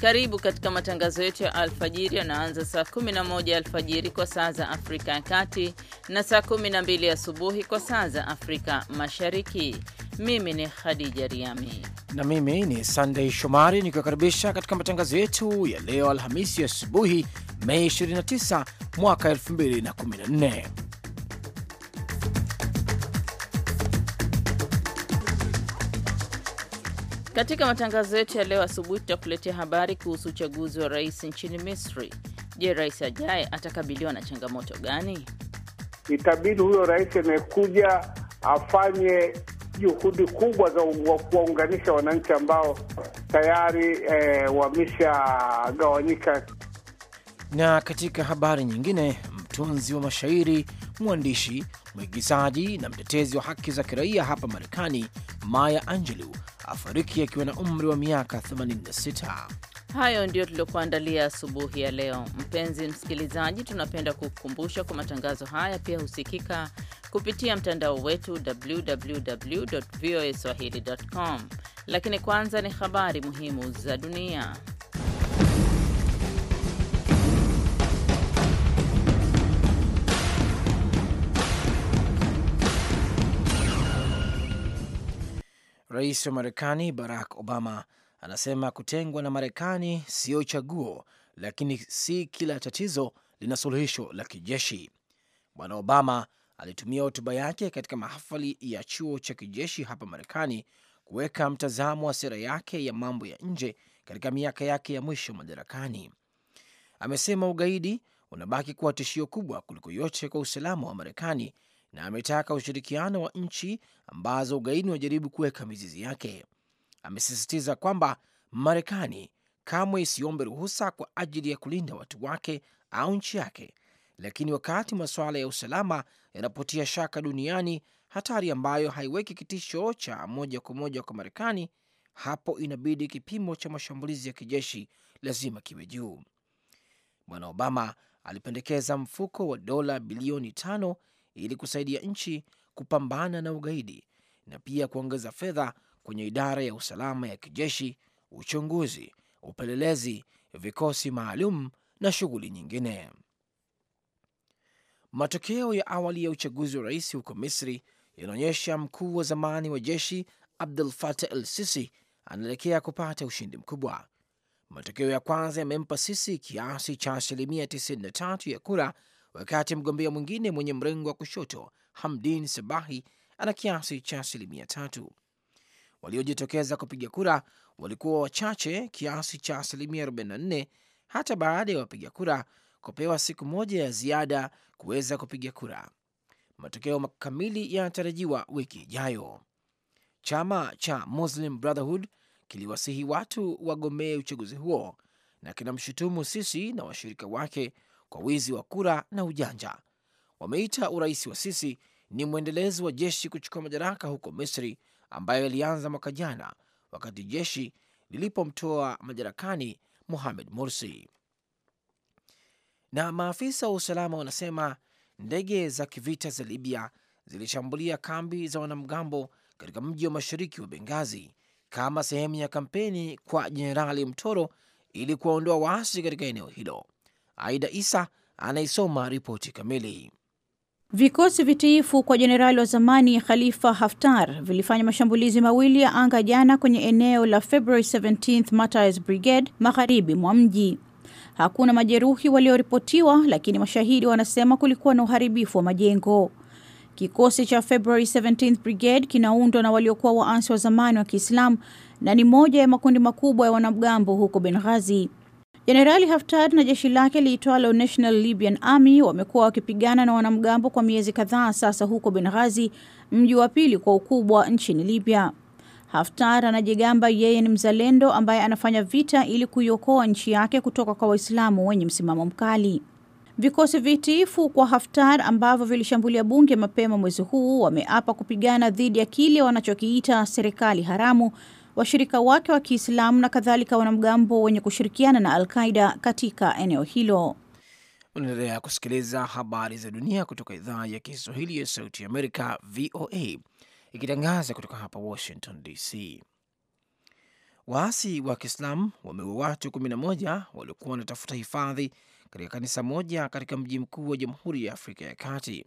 Karibu katika matangazo yetu ya alfajiri yanaanza saa 11 alfajiri kwa saa za Afrika ya Kati na saa 12 asubuhi kwa saa za Afrika Mashariki. Mimi ni Khadija Riami na mimi ni sandei Shomari nikiwakaribisha katika matangazo yetu ya leo Alhamisi asubuhi Mei 29 mwaka 2014. Katika matangazo yetu ya leo asubuhi, tutakuletea habari kuhusu uchaguzi wa rais nchini Misri. Je, rais ajaye atakabiliwa na changamoto gani? Itabidi huyo rais anayekuja afanye juhudi kubwa za kuwaunganisha wananchi ambao tayari e, wameshagawanyika. Na katika habari nyingine, mtunzi wa mashairi, mwandishi, mwigizaji na mtetezi wa haki za kiraia hapa Marekani, Maya Angelou afariki akiwa na umri wa miaka 86. Hayo ndiyo tuliokuandalia asubuhi ya leo. Mpenzi msikilizaji, tunapenda kukukumbusha kwa matangazo haya pia husikika kupitia mtandao wetu www voa swahili com, lakini kwanza ni habari muhimu za dunia. Rais wa Marekani Barack Obama anasema kutengwa na Marekani siyo chaguo, lakini si kila tatizo lina suluhisho la kijeshi. Bwana Obama alitumia hotuba yake katika mahafali ya chuo cha kijeshi hapa Marekani kuweka mtazamo wa sera yake ya mambo ya nje katika miaka yake ya mwisho madarakani. Amesema ugaidi unabaki kuwa tishio kubwa kuliko yote kwa usalama wa Marekani na ametaka ushirikiano wa nchi ambazo ugaidi unajaribu kuweka mizizi yake. Amesisitiza kwamba Marekani kamwe isiombe ruhusa kwa ajili ya kulinda watu wake au nchi yake, lakini wakati masuala ya usalama yanapotia shaka duniani, hatari ambayo haiweki kitisho cha moja kwa moja kwa Marekani, hapo inabidi kipimo cha mashambulizi ya kijeshi lazima kiwe juu. Bwana Obama alipendekeza mfuko wa dola bilioni tano ili kusaidia nchi kupambana na ugaidi na pia kuongeza fedha kwenye idara ya usalama ya kijeshi, uchunguzi, upelelezi, vikosi maalum na shughuli nyingine. Matokeo ya awali ya uchaguzi wa rais huko Misri yanaonyesha mkuu wa zamani wa jeshi Abdul Fatah El Sisi anaelekea kupata ushindi mkubwa. Matokeo ya kwanza yamempa Sisi kiasi cha asilimia 93 ya kura wakati mgombea mwingine mwenye mrengo wa kushoto Hamdin Sabahi ana kiasi cha asilimia tatu. Waliojitokeza kupiga kura walikuwa wachache kiasi cha asilimia 44 hata baada ya wapiga kura kupewa siku moja ya ziada kuweza kupiga kura. Matokeo kamili yanatarajiwa wiki ijayo. Chama cha Muslim Brotherhood kiliwasihi watu wagombee uchaguzi huo na kinamshutumu Sisi na washirika wake kwa wizi wa kura na ujanja. Wameita urais wa Sisi ni mwendelezo wa jeshi kuchukua madaraka huko Misri, ambayo ilianza mwaka jana wakati jeshi lilipomtoa madarakani Mohamed Morsi. Na maafisa wa usalama wanasema ndege za kivita za Libya zilishambulia kambi za wanamgambo katika mji wa mashariki wa Bengazi kama sehemu ya kampeni kwa Jenerali Mtoro ili kuwaondoa waasi katika eneo hilo. Aida Isa anaisoma ripoti kamili. Vikosi vitiifu kwa jenerali wa zamani Khalifa Haftar vilifanya mashambulizi mawili ya anga jana kwenye eneo la February 17 Martyrs Brigade magharibi mwa mji. Hakuna majeruhi walioripotiwa, lakini mashahidi wanasema kulikuwa na uharibifu wa majengo. Kikosi cha February 17 Brigade kinaundwa na waliokuwa waansi wa zamani wa Kiislamu na ni moja ya makundi makubwa ya wanamgambo huko Benghazi. Jenerali Haftar na jeshi lake liitwalo National Libyan Army wamekuwa wakipigana na wanamgambo kwa miezi kadhaa sasa huko Benghazi, mji wa pili kwa ukubwa nchini Libya. Haftar anajigamba yeye ni mzalendo ambaye anafanya vita ili kuiokoa nchi yake kutoka kwa Waislamu wenye msimamo mkali. Vikosi vitiifu kwa Haftar ambavyo vilishambulia bunge mapema mwezi huu wameapa kupigana dhidi ya kile wanachokiita serikali haramu washirika wake wa Kiislamu na kadhalika wanamgambo wenye kushirikiana na alqaida katika eneo hilo. Unaendelea kusikiliza habari za dunia kutoka idhaa ya Kiswahili ya Sauti ya Amerika, VOA, ikitangaza kutoka hapa Washington DC. Waasi wa Kiislamu wameua watu 11 waliokuwa wanatafuta hifadhi katika kanisa moja katika mji mkuu wa Jamhuri ya Afrika ya Kati.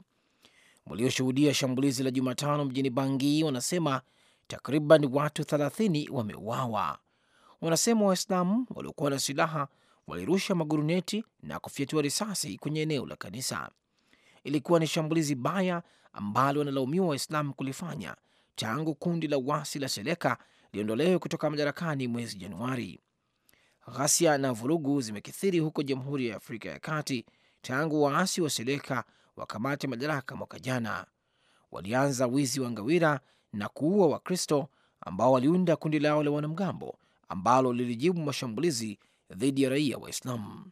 Walioshuhudia shambulizi la Jumatano mjini Bangui wanasema takriban watu 30 wameuawa. Wanasema Waislamu waliokuwa na silaha walirusha maguruneti na kufyatua risasi kwenye eneo la kanisa. Ilikuwa ni shambulizi baya ambalo wanalaumiwa Waislamu kulifanya tangu kundi la wasi la Seleka liondolewe kutoka madarakani mwezi Januari. Ghasia na vurugu zimekithiri huko Jamhuri ya Afrika ya Kati tangu waasi wa Seleka wakamate madaraka mwaka jana. Walianza wizi wa ngawira na kuua Wakristo ambao waliunda kundi lao la wanamgambo ambalo lilijibu mashambulizi dhidi ya raia Waislamu.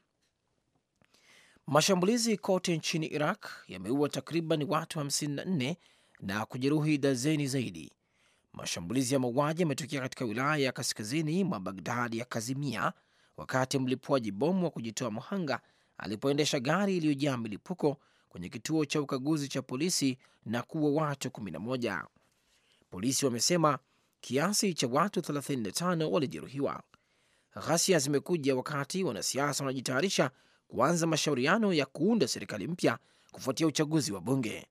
Mashambulizi kote nchini Iraq yameua takriban watu 54 na kujeruhi dazeni zaidi. Mashambulizi ya mauaji yametokea katika wilaya ya kaskazini mwa Bagdad ya Kazimia wakati mlipuaji bomu wa kujitoa mhanga alipoendesha gari iliyojaa milipuko kwenye kituo cha ukaguzi cha polisi na kuua watu Polisi wamesema kiasi cha watu 35 walijeruhiwa. Ghasia zimekuja wakati wanasiasa wanajitayarisha kuanza mashauriano ya kuunda serikali mpya kufuatia uchaguzi wa bunge.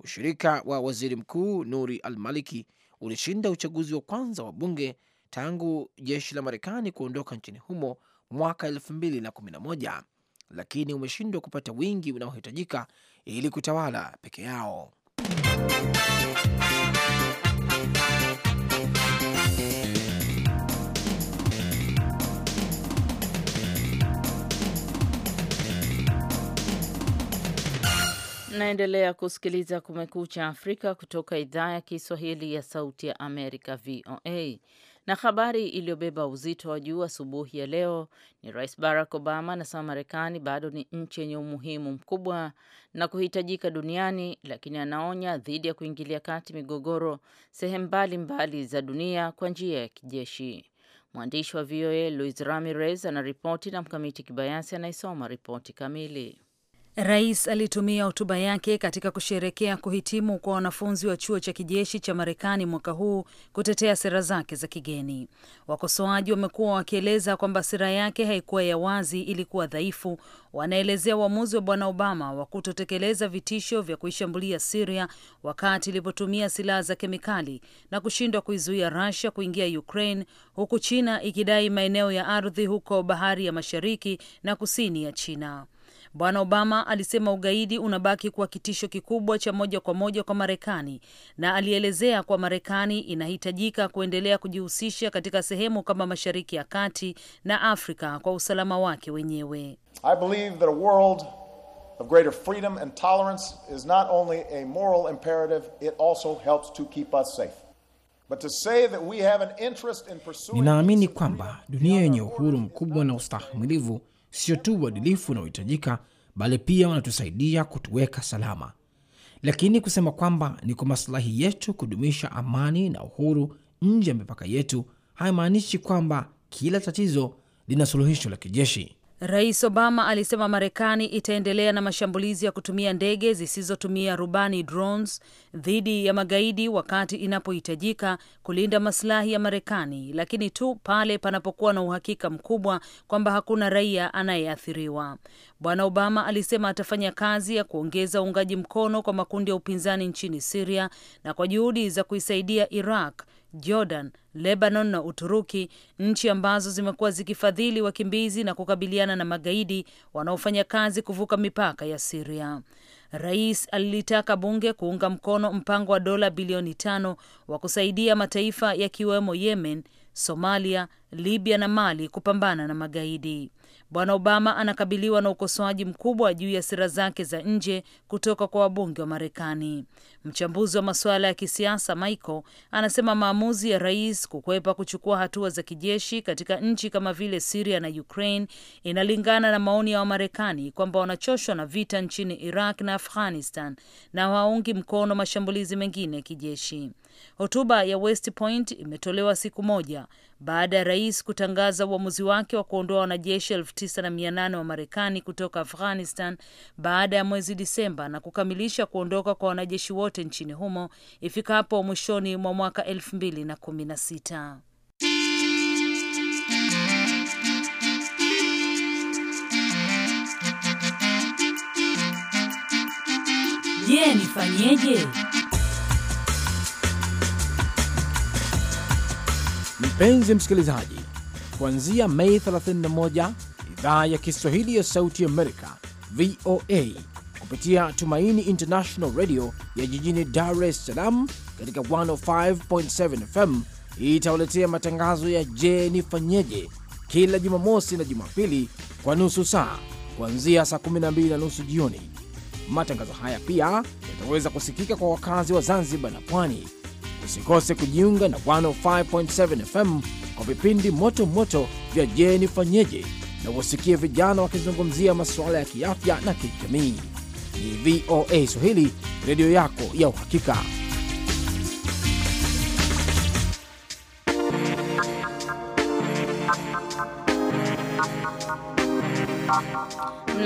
Ushirika wa waziri mkuu Nuri al-Maliki ulishinda uchaguzi wa kwanza wa bunge tangu jeshi la Marekani kuondoka nchini humo mwaka 2011 lakini umeshindwa kupata wingi unaohitajika ili kutawala peke yao. Mnaendelea kusikiliza Kumekucha Afrika kutoka idhaa ya Kiswahili ya Sauti ya Amerika, VOA. Na habari iliyobeba uzito wa juu asubuhi ya leo ni Rais Barack Obama anasema Marekani bado ni nchi yenye umuhimu mkubwa na kuhitajika duniani, lakini anaonya dhidi ya kuingilia kati migogoro sehemu mbalimbali za dunia kwa njia ya kijeshi. Mwandishi wa VOA Luis Ramirez anaripoti na Mkamiti Kibayasi anayesoma ripoti kamili. Rais alitumia hotuba yake katika kusherekea kuhitimu kwa wanafunzi wa chuo cha kijeshi cha Marekani mwaka huu kutetea sera zake za kigeni. Wakosoaji wamekuwa wakieleza kwamba sera yake haikuwa ya wazi, ilikuwa dhaifu. Wanaelezea uamuzi wa Bwana Obama wa kutotekeleza vitisho vya kuishambulia Siria wakati ilipotumia silaha za kemikali na kushindwa kuizuia Rusia kuingia Ukraine, huku China ikidai maeneo ya ardhi huko bahari ya mashariki na kusini ya China. Bwana Obama alisema ugaidi unabaki kuwa kitisho kikubwa cha moja kwa moja kwa Marekani na alielezea kuwa Marekani inahitajika kuendelea kujihusisha katika sehemu kama Mashariki ya Kati na Afrika kwa usalama wake wenyewe. I believe that a world of greater freedom and tolerance is not only a moral imperative, it also helps to keep us safe. Ninaamini kwamba dunia yenye uhuru mkubwa na ustahimilivu sio tu uadilifu unaohitajika, bali pia wanatusaidia kutuweka salama. Lakini kusema kwamba ni kwa masilahi yetu kudumisha amani na uhuru nje ya mipaka yetu haimaanishi kwamba kila tatizo lina suluhisho la kijeshi. Rais Obama alisema Marekani itaendelea na mashambulizi ya kutumia ndege zisizotumia rubani drones dhidi ya magaidi wakati inapohitajika kulinda masilahi ya Marekani, lakini tu pale panapokuwa na uhakika mkubwa kwamba hakuna raia anayeathiriwa. Bwana Obama alisema atafanya kazi ya kuongeza uungaji mkono kwa makundi ya upinzani nchini Siria na kwa juhudi za kuisaidia Iraq Jordan, Lebanon na Uturuki, nchi ambazo zimekuwa zikifadhili wakimbizi na kukabiliana na magaidi wanaofanya kazi kuvuka mipaka ya Siria. Rais alilitaka bunge kuunga mkono mpango wa dola bilioni tano wa kusaidia mataifa yakiwemo Yemen, Somalia, Libya na Mali kupambana na magaidi. Bwana Obama anakabiliwa na ukosoaji mkubwa juu ya sera zake za nje kutoka kwa wabunge wa Marekani. Mchambuzi wa masuala ya kisiasa Michael anasema maamuzi ya rais kukwepa kuchukua hatua za kijeshi katika nchi kama vile Siria na Ukraine inalingana na maoni ya Wamarekani kwamba wanachoshwa na vita nchini Iraq na Afghanistan na hawaungi mkono mashambulizi mengine ya kijeshi. Hotuba ya West Point imetolewa siku moja baada ya rais kutangaza uamuzi wake wa kuondoa wanajeshi elfu tisa na mia nane wa Marekani kutoka Afghanistan baada ya mwezi Disemba na kukamilisha kuondoka kwa wanajeshi wote nchini humo ifikapo mwishoni mwa mwaka elfu mbili na kumi na sita. Je, nifanyeje? Mpenzi msikilizaji, kuanzia Mei 31 idhaa ya Kiswahili ya Sauti Amerika VOA kupitia Tumaini International Radio ya jijini Dar es Salaam katika 105.7 FM itawaletea matangazo ya Je, Nifanyeje kila Jumamosi na Jumapili kwa nusu saa kuanzia saa 12 na nusu jioni. Matangazo haya pia yataweza kusikika kwa wakazi wa Zanzibar na Pwani Usikose kujiunga na 105.7 FM kwa vipindi moto moto vya jeni fanyeje na wasikie vijana wakizungumzia masuala ya kiafya na kijamii. Ni VOA Swahili, redio yako ya uhakika.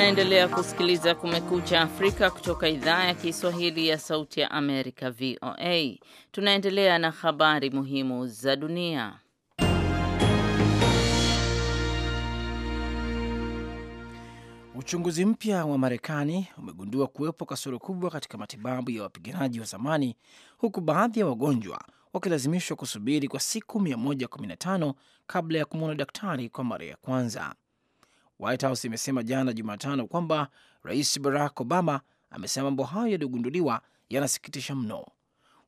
Mnaendelea kusikiliza Kumekucha Afrika kutoka idhaa ya Kiswahili ya Sauti ya Amerika, VOA. Tunaendelea na habari muhimu za dunia. Uchunguzi mpya wa Marekani umegundua kuwepo kasoro kubwa katika matibabu ya wapiganaji wa zamani, huku baadhi ya wagonjwa wakilazimishwa kusubiri kwa siku 115 kabla ya kumwona daktari kwa mara ya kwanza. White House imesema jana Jumatano kwamba Rais Barack Obama amesema mambo hayo yaliyogunduliwa yanasikitisha mno.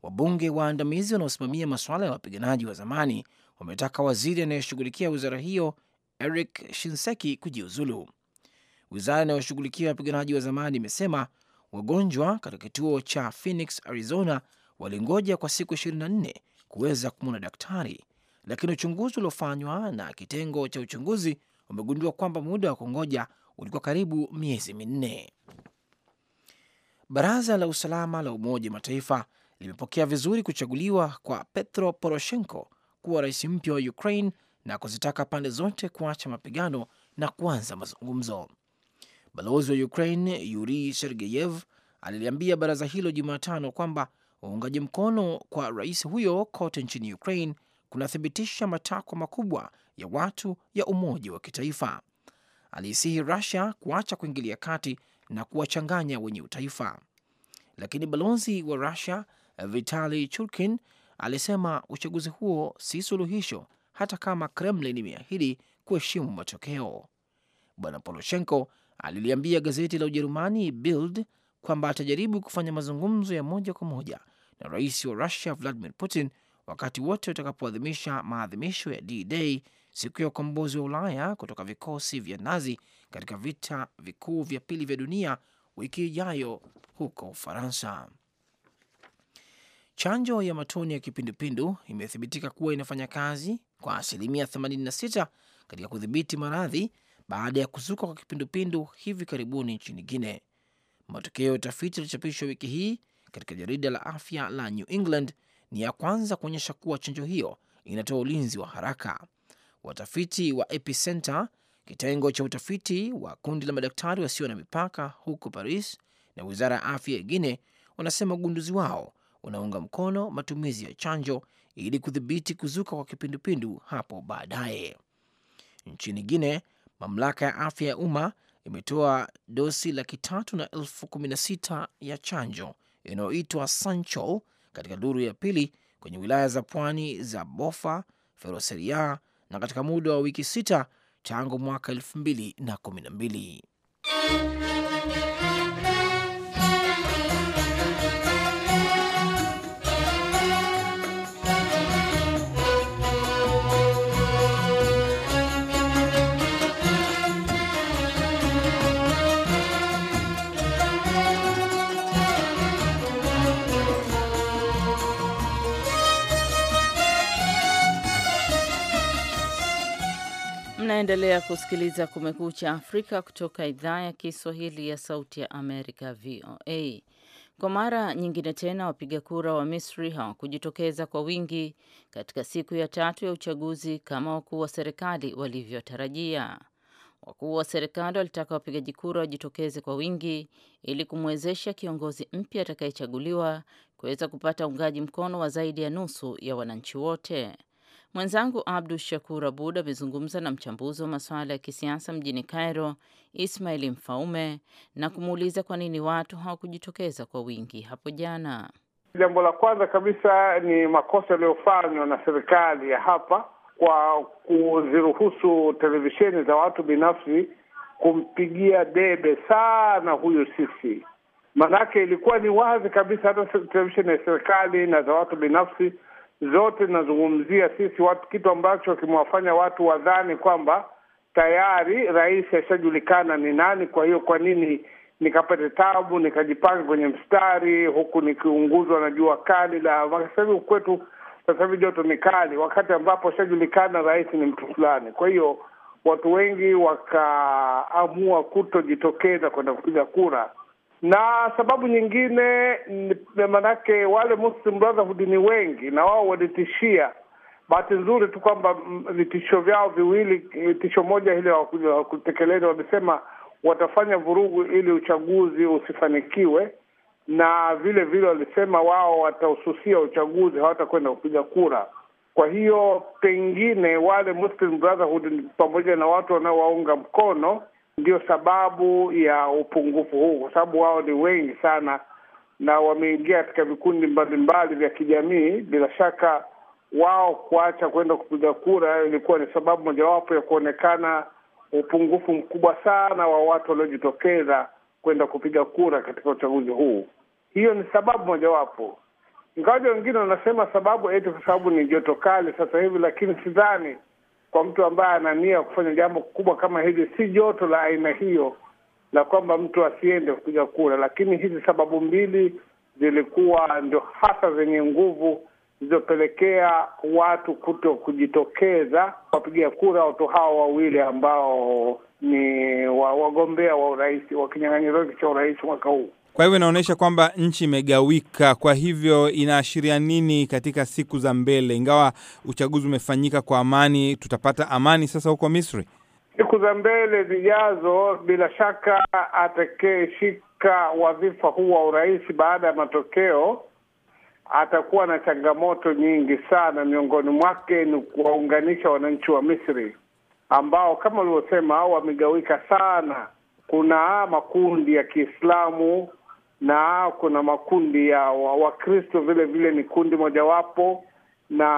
Wabunge waandamizi wanaosimamia masuala ya wapiganaji wa zamani wametaka waziri anayeshughulikia wizara hiyo Eric Shinseki kujiuzulu. Wizara inayoshughulikia wapiganaji wa zamani imesema wagonjwa katika kituo cha Phoenix, Arizona walingoja kwa siku 24 kuweza kumwona daktari, lakini uchunguzi uliofanywa na kitengo cha uchunguzi wamegundua kwamba muda wa kungoja ulikuwa karibu miezi minne. Baraza la usalama la Umoja wa Mataifa limepokea vizuri kuchaguliwa kwa Petro Poroshenko kuwa rais mpya wa Ukraine na kuzitaka pande zote kuacha mapigano na kuanza mazungumzo. Balozi wa Ukraine Yuri Sergeyev aliliambia baraza hilo Jumatano kwamba uungaji mkono kwa rais huyo kote nchini Ukraine kunathibitisha matakwa makubwa ya watu ya umoja wa kitaifa. Aliisihi Rusia kuacha kuingilia kati na kuwachanganya wenye utaifa, lakini balozi wa Rusia Vitali Churkin alisema uchaguzi huo si suluhisho, hata kama Kremlin imeahidi kuheshimu matokeo. Bwana Poroshenko aliliambia gazeti la Ujerumani Bild kwamba atajaribu kufanya mazungumzo ya moja kwa moja na rais wa rusia Vladimir Putin wakati wote utakapoadhimisha maadhimisho ya D-Day siku ya ukombozi wa Ulaya kutoka vikosi vya Nazi katika vita vikuu vya pili vya dunia wiki ijayo huko Ufaransa. Chanjo ya matone ya kipindupindu imethibitika kuwa inafanya kazi kwa asilimia 86 katika kudhibiti maradhi baada ya kuzuka kwa kipindupindu hivi karibuni nchini Guinea. Matokeo ya utafiti yalichapishwa wiki hii katika jarida la afya la New England ni ya kwanza kuonyesha kuwa chanjo hiyo inatoa ulinzi wa haraka watafiti wa Epicenter, kitengo cha utafiti wa kundi la madaktari wasio na mipaka huko Paris na wizara ya afya ya Guine wanasema ugunduzi wao unaunga mkono matumizi ya chanjo ili kudhibiti kuzuka kwa kipindupindu hapo baadaye. Nchini Guine, mamlaka ya afya ya umma imetoa dosi laki tatu na elfu kumi na sita ya chanjo inayoitwa Sanchol katika duru ya pili kwenye wilaya za pwani za Bofa, Feroseria, na katika muda wa wiki sita tangu mwaka elfu mbili na kumi na mbili. Unaendelea kusikiliza Kumekucha Afrika kutoka idhaa ya Kiswahili ya Sauti ya Amerika, VOA. Kwa mara nyingine tena, wapiga kura wa Misri hawakujitokeza kwa wingi katika siku ya tatu ya uchaguzi kama wakuu wa serikali walivyotarajia. Wakuu wa serikali walitaka wapigaji kura wajitokeze kwa wingi ili kumwezesha kiongozi mpya atakayechaguliwa kuweza kupata uungaji mkono wa zaidi ya nusu ya wananchi wote. Mwenzangu Abdu Shakur Abud amezungumza na mchambuzi wa masuala ya kisiasa mjini Cairo, Ismail Mfaume, na kumuuliza kwa nini watu hawakujitokeza kwa wingi hapo jana. Jambo la kwanza kabisa ni makosa yaliyofanywa na serikali ya hapa kwa kuziruhusu televisheni za watu binafsi kumpigia debe sana huyu Sisi. Maanake ilikuwa ni wazi kabisa, hata televisheni ya serikali na za watu binafsi zote zinazungumzia sisi watu, kitu ambacho kimewafanya watu wadhani kwamba tayari rais ashajulikana ni nani. Kwa hiyo kwa nini nikapata tabu nikajipanga kwenye mstari huku nikiunguzwa na jua kali la sasa hivi kwetu, sasa hivi joto ni kali, wakati ambapo ashajulikana rais ni mtu fulani. Kwa hiyo watu wengi wakaamua kutojitokeza kwenda kupiga kura na sababu nyingine maanake, wale Muslim Brotherhood ni wengi na wao walitishia. Bahati nzuri tu kwamba vitisho vyao viwili, tisho moja hili hawakutekeleza. Wamesema watafanya vurugu ili uchaguzi usifanikiwe, na vile vile walisema wao watahususia uchaguzi, hawatakwenda kupiga kura. Kwa hiyo pengine wale Muslim Brotherhood pamoja na watu wanaowaunga mkono ndio sababu ya upungufu huu, kwa sababu wao ni wengi sana na wameingia katika vikundi mbalimbali vya kijamii. Bila shaka wao kuacha kwenda kupiga kura ilikuwa ni sababu mojawapo ya kuonekana upungufu mkubwa sana wa watu waliojitokeza kwenda kupiga kura katika uchaguzi huu. Hiyo ni sababu mojawapo, ingawaja wengine wanasema sababu eti kwa sababu ni joto kali sasa hivi, lakini sidhani kwa mtu ambaye ana nia ya kufanya jambo kubwa kama hili, si joto la aina hiyo la kwamba mtu asiende kupiga kura. Lakini hizi sababu mbili zilikuwa ndio hasa zenye nguvu zilizopelekea watu kuto kujitokeza wapiga kura, watu hao wawili ambao ni wagombea wa urais wa kinyang'anyiro cha urais mwaka huu. Kwa hivyo inaonyesha kwamba nchi imegawika. Kwa hivyo inaashiria nini katika siku za mbele? Ingawa uchaguzi umefanyika kwa amani, tutapata amani sasa huko Misri siku za mbele zijazo. Bila shaka atakayeshika wadhifa huu wa urais baada ya matokeo atakuwa na changamoto nyingi sana. Miongoni mwake ni kuwaunganisha wananchi wa Misri ambao kama ulivyosema wamegawika sana. Kuna makundi ya Kiislamu na kuna makundi ya Wakristo wa vile vile ni kundi mojawapo, na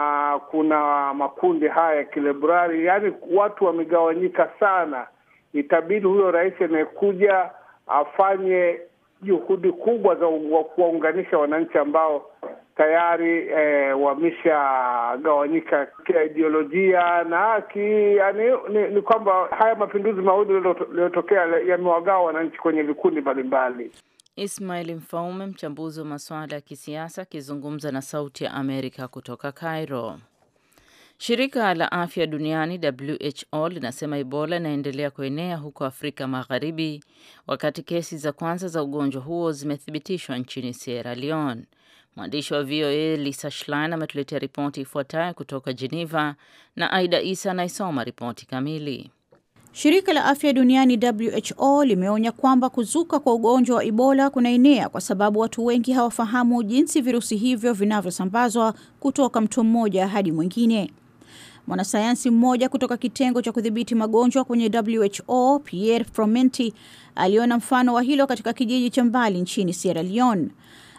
kuna makundi haya ya kilebrari, yaani watu wamegawanyika sana. Itabidi huyo rais anayekuja afanye juhudi kubwa za kuwaunganisha wananchi ambao tayari eh, wameshagawanyika kiidiolojia na ki, yani, ni, ni kwamba haya mapinduzi mawili yaliyotokea yamewagawa wananchi kwenye vikundi mbalimbali. Ismail Mfaume, mchambuzi wa masuala ya kisiasa, akizungumza na Sauti ya Amerika kutoka Cairo. Shirika la Afya Duniani WHO linasema Ebola inaendelea kuenea huko Afrika Magharibi wakati kesi za kwanza za ugonjwa huo zimethibitishwa nchini Sierra Leone. Mwandishi wa VOA Lisa Schlein ametuletea ripoti ifuatayo kutoka Geneva na Aida Isa anaisoma ripoti kamili. Shirika la Afya Duniani WHO limeonya kwamba kuzuka kwa ugonjwa wa Ebola kunaenea kwa sababu watu wengi hawafahamu jinsi virusi hivyo vinavyosambazwa kutoka mtu mmoja hadi mwingine. Mwanasayansi mmoja kutoka kitengo cha kudhibiti magonjwa kwenye WHO, Pierre Fromenti, aliona mfano wa hilo katika kijiji cha mbali nchini Sierra Leone.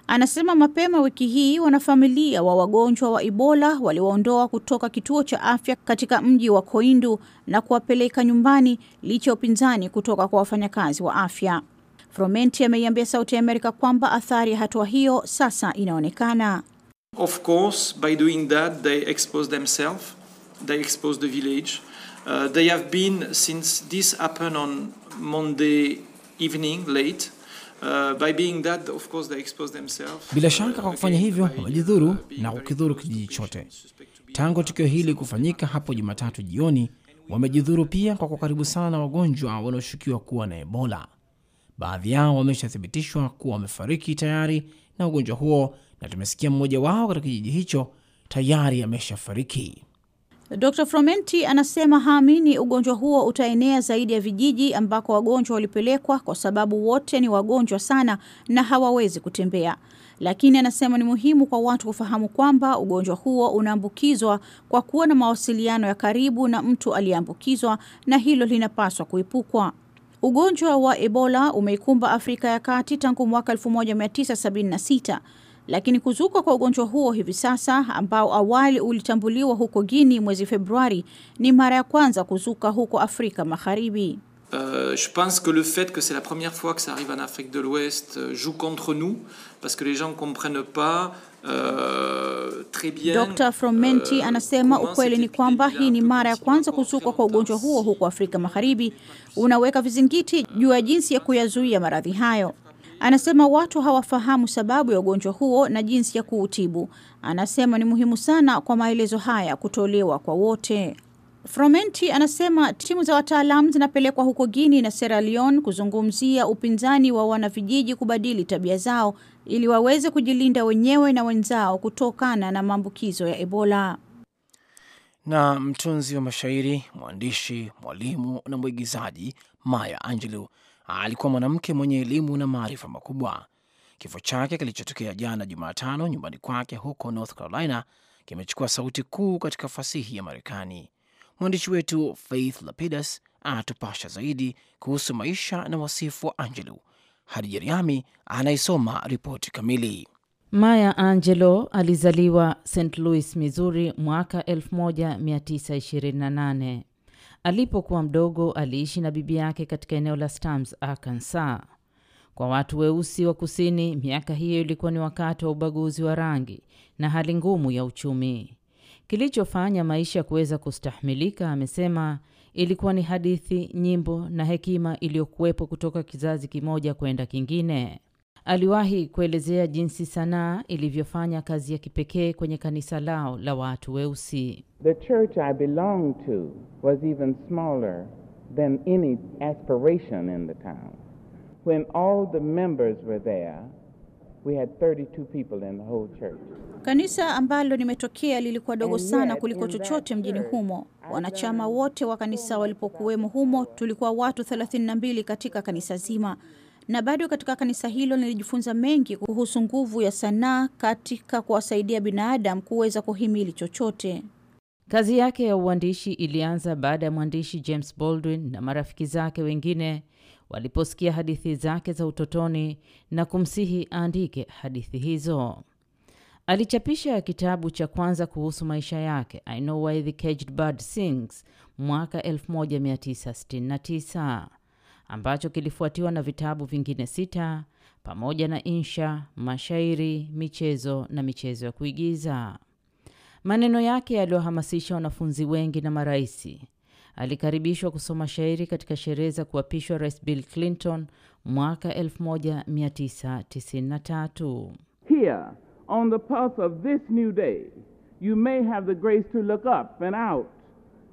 Anasema mapema wiki hii wanafamilia wa wagonjwa wa Ebola waliwaondoa kutoka kituo cha afya katika mji wa Koindu na kuwapeleka nyumbani licha ya upinzani kutoka kwa wafanyakazi wa afya. Fromenti ameiambia Sauti ya Amerika kwamba athari ya hatua hiyo sasa inaonekana. Of course, by doing that they expose themselves, they expose the village. Uh, they have been since this happened on Monday evening late Uh, Bila shaka kwa uh, kufanya hivyo wamejidhuru na kukidhuru kijiji chote. Tangu tukio hili kufanyika hapo Jumatatu jioni, wamejidhuru pia kwa kwa karibu sana na wagonjwa wanaoshukiwa kuwa na Ebola. Baadhi yao wameshathibitishwa kuwa wamefariki tayari na ugonjwa huo, na tumesikia mmoja wao katika kijiji hicho tayari ameshafariki. Dr. Fromenti anasema haamini ugonjwa huo utaenea zaidi ya vijiji ambako wagonjwa walipelekwa kwa sababu wote ni wagonjwa sana na hawawezi kutembea. Lakini anasema ni muhimu kwa watu kufahamu kwamba ugonjwa huo unaambukizwa kwa kuwa na mawasiliano ya karibu na mtu aliyeambukizwa na hilo linapaswa kuepukwa. Ugonjwa wa Ebola umeikumba Afrika ya Kati tangu mwaka 1976. Lakini kuzuka kwa ugonjwa huo hivi sasa ambao awali ulitambuliwa huko Guinea mwezi Februari ni mara ya kwanza kuzuka huko Afrika Magharibi. Euh, je pense que le fait que c'est la première fois que ça arrive en Afrique de l'Ouest euh, joue contre nous parce que les gens comprennent pas euh, très bien. Dr. Fromenti anasema ukweli ni kwamba hii ni mara ya kwanza kuzuka kwa ugonjwa huo huko Afrika Magharibi, unaweka vizingiti juu ya jinsi ya kuyazuia maradhi hayo. Anasema watu hawafahamu sababu ya ugonjwa huo na jinsi ya kuutibu. Anasema ni muhimu sana kwa maelezo haya kutolewa kwa wote. Fromenti anasema timu za wataalamu zinapelekwa huko Guinea na Sierra Leone kuzungumzia upinzani wa wanavijiji kubadili tabia zao ili waweze kujilinda wenyewe na wenzao kutokana na maambukizo ya Ebola. Na mtunzi wa mashairi, mwandishi, mwalimu na mwigizaji Maya Angelou alikuwa mwanamke mwenye elimu na maarifa makubwa. Kifo chake kilichotokea jana Jumatano nyumbani kwake huko North Carolina kimechukua sauti kuu katika fasihi ya Marekani. Mwandishi wetu Faith Lapidus anatupasha zaidi kuhusu maisha na wasifu wa Angelo. Hadija Riami anaisoma ripoti kamili. Maya Angelo alizaliwa St. Louis, Missouri mwaka 1928. Alipokuwa mdogo, aliishi na bibi yake katika eneo la stams Arkansas. Kwa watu weusi wa kusini, miaka hiyo ilikuwa ni wakati wa ubaguzi wa rangi na hali ngumu ya uchumi. Kilichofanya maisha kuweza kustahimilika, amesema, ilikuwa ni hadithi, nyimbo na hekima iliyokuwepo kutoka kizazi kimoja kwenda kingine. Aliwahi kuelezea jinsi sanaa ilivyofanya kazi ya kipekee kwenye kanisa lao la watu weusi. The church I belonged to was even smaller than any aspiration in the town. When all the members were there, we had 32 people in the whole church. Kanisa ambalo nimetokea lilikuwa dogo sana kuliko chochote mjini humo. Wanachama wote wa kanisa walipokuwemo humo tulikuwa watu 32 katika kanisa zima na bado katika kanisa hilo nilijifunza mengi kuhusu nguvu ya sanaa katika kuwasaidia binadamu kuweza kuhimili chochote. Kazi yake ya uandishi ilianza baada ya mwandishi James Baldwin na marafiki zake wengine waliposikia hadithi zake za utotoni na kumsihi aandike hadithi hizo. Alichapisha kitabu cha kwanza kuhusu maisha yake I Know Why the Caged Bird Sings mwaka 1969 ambacho kilifuatiwa na vitabu vingine sita pamoja na insha, mashairi, michezo na michezo ya kuigiza. Maneno yake yaliyohamasisha wanafunzi wengi na maraisi. Alikaribishwa kusoma shairi katika sherehe za kuapishwa Rais Bill Clinton mwaka 1993. Here on the path of this new day you may have the grace to look up and out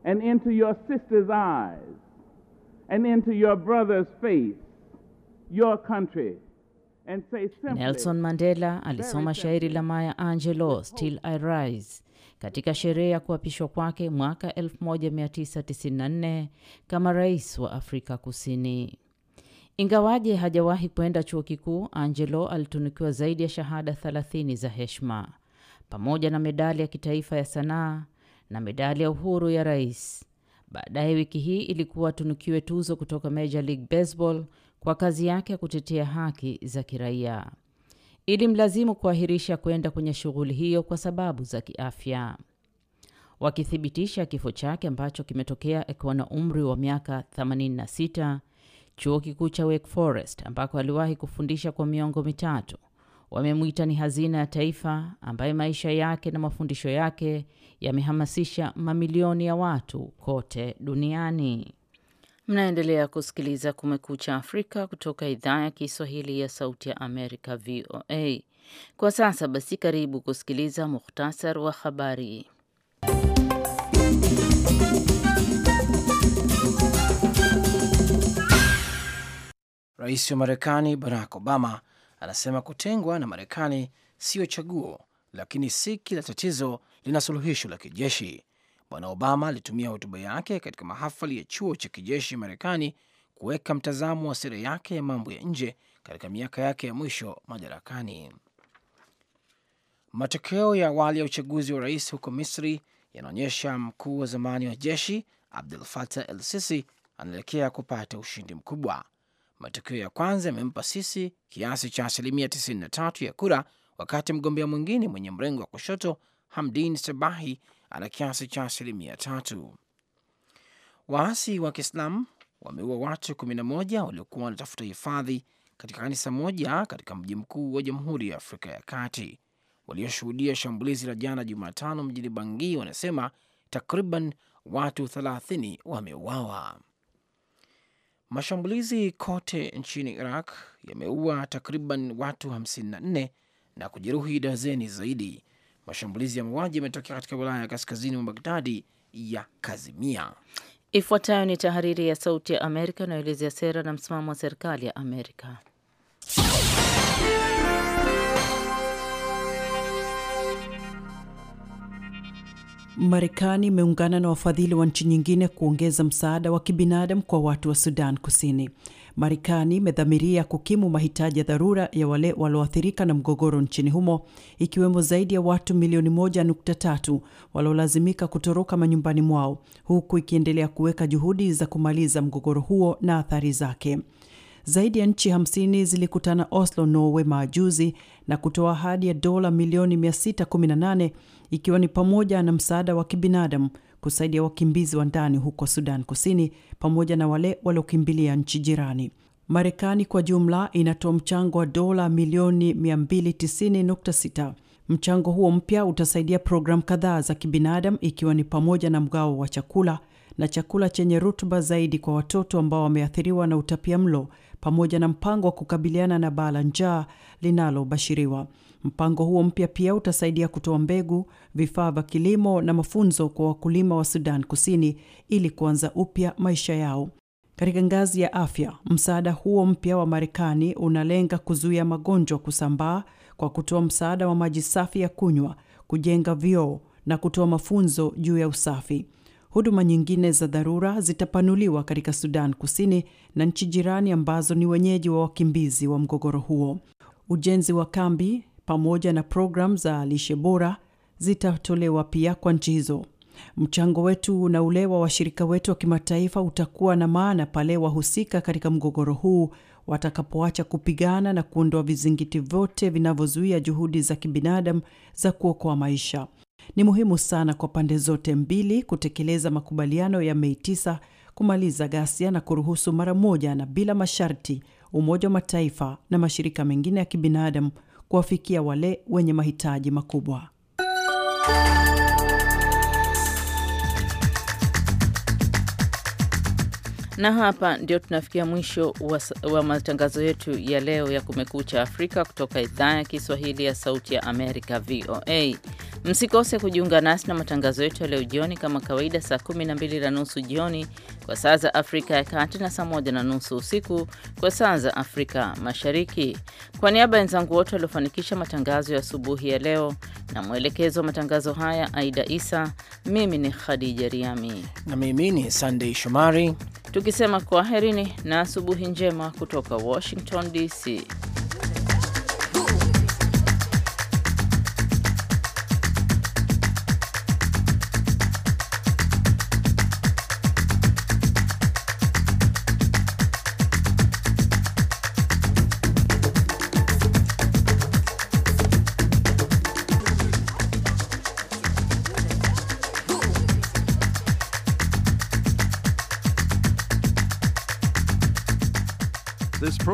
and into your sister's eyes and into your brother's faith, your country. And say simply, Nelson Mandela alisoma shairi la Maya Angelou Still I Rise katika sherehe ya kuapishwa kwake mwaka 1994 kama rais wa Afrika Kusini. Ingawaje hajawahi kwenda chuo kikuu, Angelo alitunukiwa zaidi ya shahada 30 za heshima pamoja na medali ya kitaifa ya sanaa na medali ya uhuru ya rais. Baadaye wiki hii ilikuwa atunukiwe tuzo kutoka Major League Baseball kwa kazi yake ya kutetea haki za kiraia. Ilimlazimu kuahirisha kwenda kwenye shughuli hiyo kwa sababu za kiafya. Wakithibitisha kifo chake ambacho kimetokea akiwa na umri wa miaka 86 chuo kikuu cha Wake Forest ambako aliwahi kufundisha kwa miongo mitatu wamemwita ni hazina ya taifa ambaye maisha yake na mafundisho yake yamehamasisha mamilioni ya watu kote duniani. Mnaendelea kusikiliza Kumekucha Afrika kutoka idhaa ya Kiswahili ya Sauti ya Amerika, VOA. Kwa sasa basi, karibu kusikiliza muhtasar wa habari. Rais wa Marekani Barack Obama anasema kutengwa na Marekani siyo chaguo, lakini si kila tatizo lina suluhisho la kijeshi. Bwana Obama alitumia hotuba yake katika mahafali ya chuo cha kijeshi Marekani kuweka mtazamo wa sera yake ya mambo ya nje katika miaka yake ya mwisho madarakani. Matokeo ya awali ya uchaguzi wa rais huko Misri yanaonyesha mkuu wa zamani wa jeshi Abdul Fatah El Sisi anaelekea kupata ushindi mkubwa. Matokeo ya kwanza yamempa Sisi kiasi cha asilimia 93 ya kura, wakati mgombea mwingine mwenye mrengo wa kushoto Hamdin Sabahi ana kiasi cha asilimia tatu. Waasi wa Kiislamu wameua watu 11 waliokuwa wanatafuta hifadhi katika kanisa moja katika mji mkuu wa Jamhuri ya Afrika ya Kati. Walioshuhudia shambulizi la jana Jumatano mjini Bangui wanasema takriban watu 30 wameuawa. Mashambulizi kote nchini Iraq yameua takriban watu 54 na kujeruhi dazeni zaidi. Mashambulizi ya mauaji yametokea katika wilaya ya kaskazini mwa Bagdadi ya Kazimia. Ifuatayo ni tahariri ya Sauti ya Amerika inayoelezea sera na msimamo wa serikali ya Amerika. Marekani imeungana na wafadhili wa nchi nyingine kuongeza msaada wa kibinadamu kwa watu wa Sudan Kusini. Marekani imedhamiria kukimu mahitaji ya dharura ya wale walioathirika na mgogoro nchini humo, ikiwemo zaidi ya watu milioni 1.3 waliolazimika kutoroka manyumbani mwao, huku ikiendelea kuweka juhudi za kumaliza mgogoro huo na athari zake. Zaidi ya nchi 50 zilikutana Oslo, Norway majuzi na kutoa ahadi ya dola milioni 618 ikiwa ni pamoja na msaada wa kibinadamu kusaidia wakimbizi wa ndani huko Sudan Kusini pamoja na wale waliokimbilia nchi jirani. Marekani kwa jumla inatoa mchango wa dola milioni 290.6. Mchango huo mpya utasaidia programu kadhaa za kibinadamu ikiwa ni pamoja na mgao wa chakula na chakula chenye rutuba zaidi kwa watoto ambao wameathiriwa na utapia mlo pamoja na mpango wa kukabiliana na baa la njaa linalobashiriwa. Mpango huo mpya pia utasaidia kutoa mbegu, vifaa vya kilimo na mafunzo kwa wakulima wa Sudan Kusini ili kuanza upya maisha yao. Katika ngazi ya afya, msaada huo mpya wa Marekani unalenga kuzuia magonjwa kusambaa kwa kutoa msaada wa maji safi ya kunywa, kujenga vyoo na kutoa mafunzo juu ya usafi. Huduma nyingine za dharura zitapanuliwa katika Sudan Kusini na nchi jirani ambazo ni wenyeji wa wakimbizi wa mgogoro huo. Ujenzi wa kambi pamoja na programu za lishe bora zitatolewa pia kwa nchi hizo. Mchango wetu na ule wa washirika wetu wa kimataifa utakuwa na maana pale wahusika katika mgogoro huu watakapoacha kupigana na kuondoa vizingiti vyote vinavyozuia juhudi za kibinadamu za kuokoa maisha. Ni muhimu sana kwa pande zote mbili kutekeleza makubaliano ya Mei 9 kumaliza ghasia na kuruhusu mara moja na bila masharti Umoja wa Mataifa na mashirika mengine ya kibinadamu kuwafikia wale wenye mahitaji makubwa. Na hapa ndio tunafikia mwisho wa, wa matangazo yetu ya leo ya Kumekucha Afrika kutoka idhaa ya Kiswahili ya Sauti ya Amerika, VOA. Msikose kujiunga nasi na matangazo yetu ya leo jioni, kama kawaida, saa 12 na nusu jioni kwa saa za Afrika ya Kati na saa 1 na nusu usiku kwa saa za Afrika Mashariki. Kwa niaba ya wenzangu wote waliofanikisha matangazo ya asubuhi ya leo na mwelekezo wa matangazo haya Aida Isa, mimi ni Khadija Riami na mimi ni Sandei Shomari, tukisema kwaherini na asubuhi njema kutoka Washington DC.